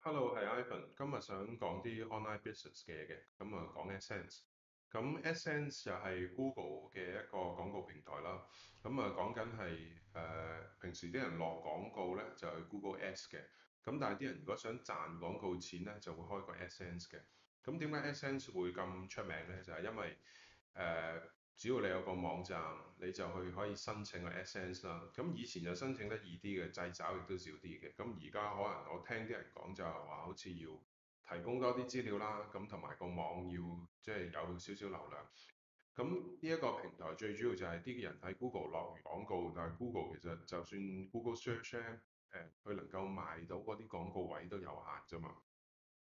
Hello，係 Ivan，今日想講啲 online business 嘅嘢嘅，咁、嗯、啊講啲 Adsense，咁 Adsense 就係 Google 嘅一個廣告平台啦，咁、嗯、啊講緊係誒平時啲人落廣告咧就係、是、Google Ads 嘅，咁但係啲人如果想賺廣告錢咧就會開個 Adsense 嘅，咁、嗯、點解 Adsense 會咁出名咧？就係、是、因為誒。呃只要你有個網站，你就去可以申請個 AdSense 啦。咁以前就申請得易啲嘅，制裁亦都少啲嘅。咁而家可能我聽啲人講就係話，好似要提供多啲資料啦，咁同埋個網要即係有少少流量。咁呢一個平台最主要就係啲人喺 Google 落廣告，但係 Google 其實就算 Google Search 誒，佢能夠賣到嗰啲廣告位都有限啫嘛。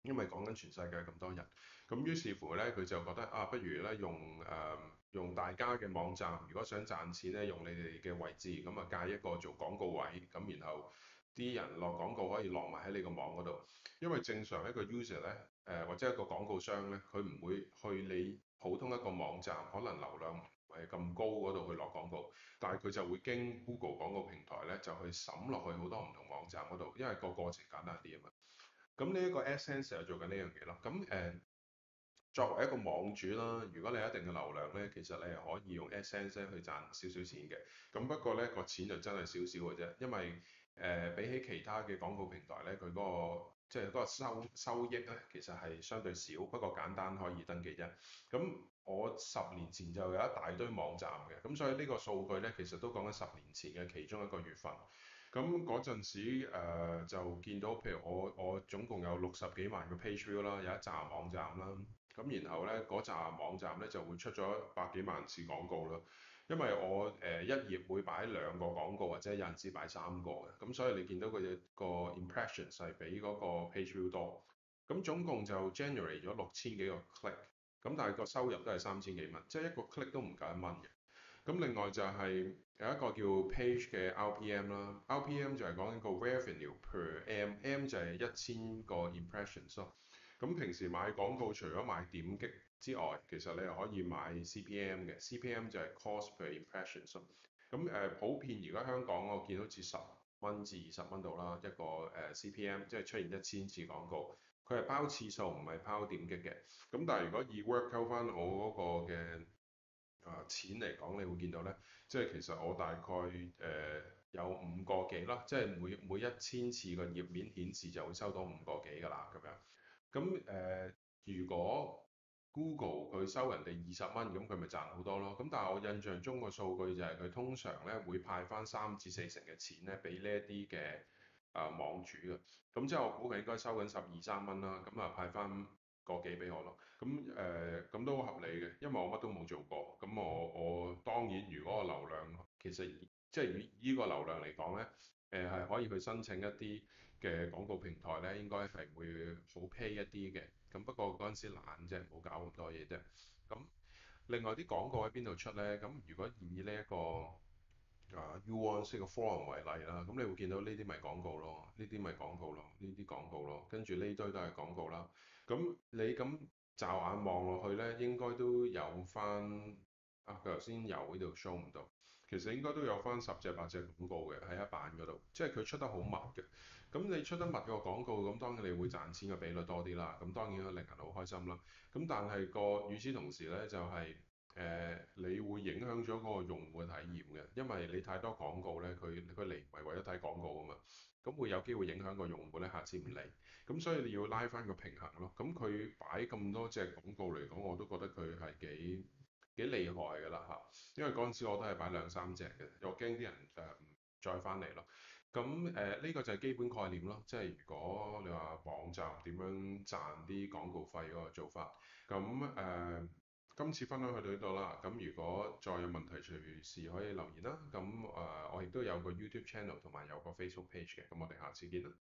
因為講緊全世界咁多人，咁於是乎呢，佢就覺得啊，不如呢用誒、呃、用大家嘅網站，如果想賺錢呢，用你哋嘅位置，咁啊介一個做廣告位，咁然後啲人落廣告可以落埋喺你個網嗰度。因為正常一個 user 呢，誒、呃、或者一個廣告商呢，佢唔會去你普通一個網站，可能流量唔係咁高嗰度去落廣告，但係佢就會經 Google 廣告平台呢，就去審落去好多唔同網站嗰度，因為個過程簡單啲啊嘛。咁呢一個 AdSense 就做緊呢樣嘢咯。咁誒、呃，作為一個網主啦，如果你有一定嘅流量咧，其實你係可以用 AdSense 咧去賺少少錢嘅。咁不過咧個錢就真係少少嘅啫，因為誒、呃、比起其他嘅廣告平台咧，佢嗰個、嗰個即係嗰個收收益咧，其實係相對少，不過簡單可以登記啫。咁我十年前就有一大堆網站嘅，咁所以呢個數據咧其實都講緊十年前嘅其中一個月份。咁嗰陣時，呃、就見到，譬如我我總共有六十幾萬個 page view 啦，有一站網站啦，咁然後咧嗰站網站咧就會出咗百幾萬次廣告啦，因為我誒、呃、一頁會擺兩個廣告或者有陣時擺三個嘅，咁所以你見到佢個 impressions 係比嗰個 page view 多，咁總共就 generate 咗六千幾個 click，咁但係個收入都係三千幾蚊，即係一個 click 都唔夠一蚊嘅。咁另外就係有一個叫 page 嘅 RPM 啦，RPM 就係講一個 Revenue per m m 就係一千個 impressions。咁平時買廣告除咗買點擊之外，其實你又可以買 CPM 嘅，CPM 就係 Cost per impressions。咁誒普遍而家香港我見到似十蚊至二十蚊度啦，一個誒 CPM 即係出現一千次廣告，佢係包次數唔係包點擊嘅。咁但係如果以 work out 翻我嗰個嘅。啊，錢嚟講，你會見到呢，即係其實我大概誒、呃、有五個幾咯，即係每每一千次個頁面顯示就會收到五個幾㗎啦咁樣。咁誒、呃，如果 Google 佢收人哋二十蚊，咁佢咪賺好多咯。咁但係我印象中個數據就係佢通常呢會派翻三至四成嘅錢呢俾呢一啲嘅啊網主㗎。咁之後我估佢應該收緊十二三蚊啦，咁啊派翻個幾俾我咯。咁誒咁都好合理嘅，因為我乜都冇做過。咁我我當然，如果個流量其實即係呢個流量嚟講咧，誒、呃、係可以去申請一啲嘅廣告平台咧，應該係會好 pay 一啲嘅。咁不過嗰陣時懶啫，冇搞咁多嘢啫。咁另外啲廣告喺邊度出咧？咁如果以呢一個啊 U One 式嘅 forum 為例啦，咁你會見到呢啲咪廣告咯，呢啲咪廣告咯，呢啲廣告咯，跟住呢堆都係廣告啦。咁你咁驟眼望落去咧，應該都有翻。啊！佢頭先有呢度 show 唔到，其實應該都有返十隻八隻廣告嘅喺一版嗰度，即係佢出得好密嘅。咁你出得密嘅個廣告，咁當然你會賺錢嘅比率多啲啦。咁當然佢令人好開心啦。咁但係個與此同時咧，就係、是、誒、呃、你會影響咗嗰個用戶嘅體驗嘅，因為你太多廣告咧，佢佢嚟唔係為咗睇廣告㗎嘛。咁會有機會影響個用戶咧，下次唔嚟。咁所以你要拉返個平衡咯。咁佢擺咁多隻廣告嚟講，我都覺得佢係幾幾厲害㗎啦嚇，因為嗰陣時我都係擺兩三隻嘅，又驚啲人唔再翻嚟咯。咁誒呢個就係基本概念咯，即係如果你話網站點樣賺啲廣告費嗰個做法。咁誒、呃、今次分享去到呢度啦，咁如果再有問題隨時可以留言啦。咁誒、呃、我亦都有個 YouTube channel 同埋有個 Facebook page 嘅，咁我哋下次見啦。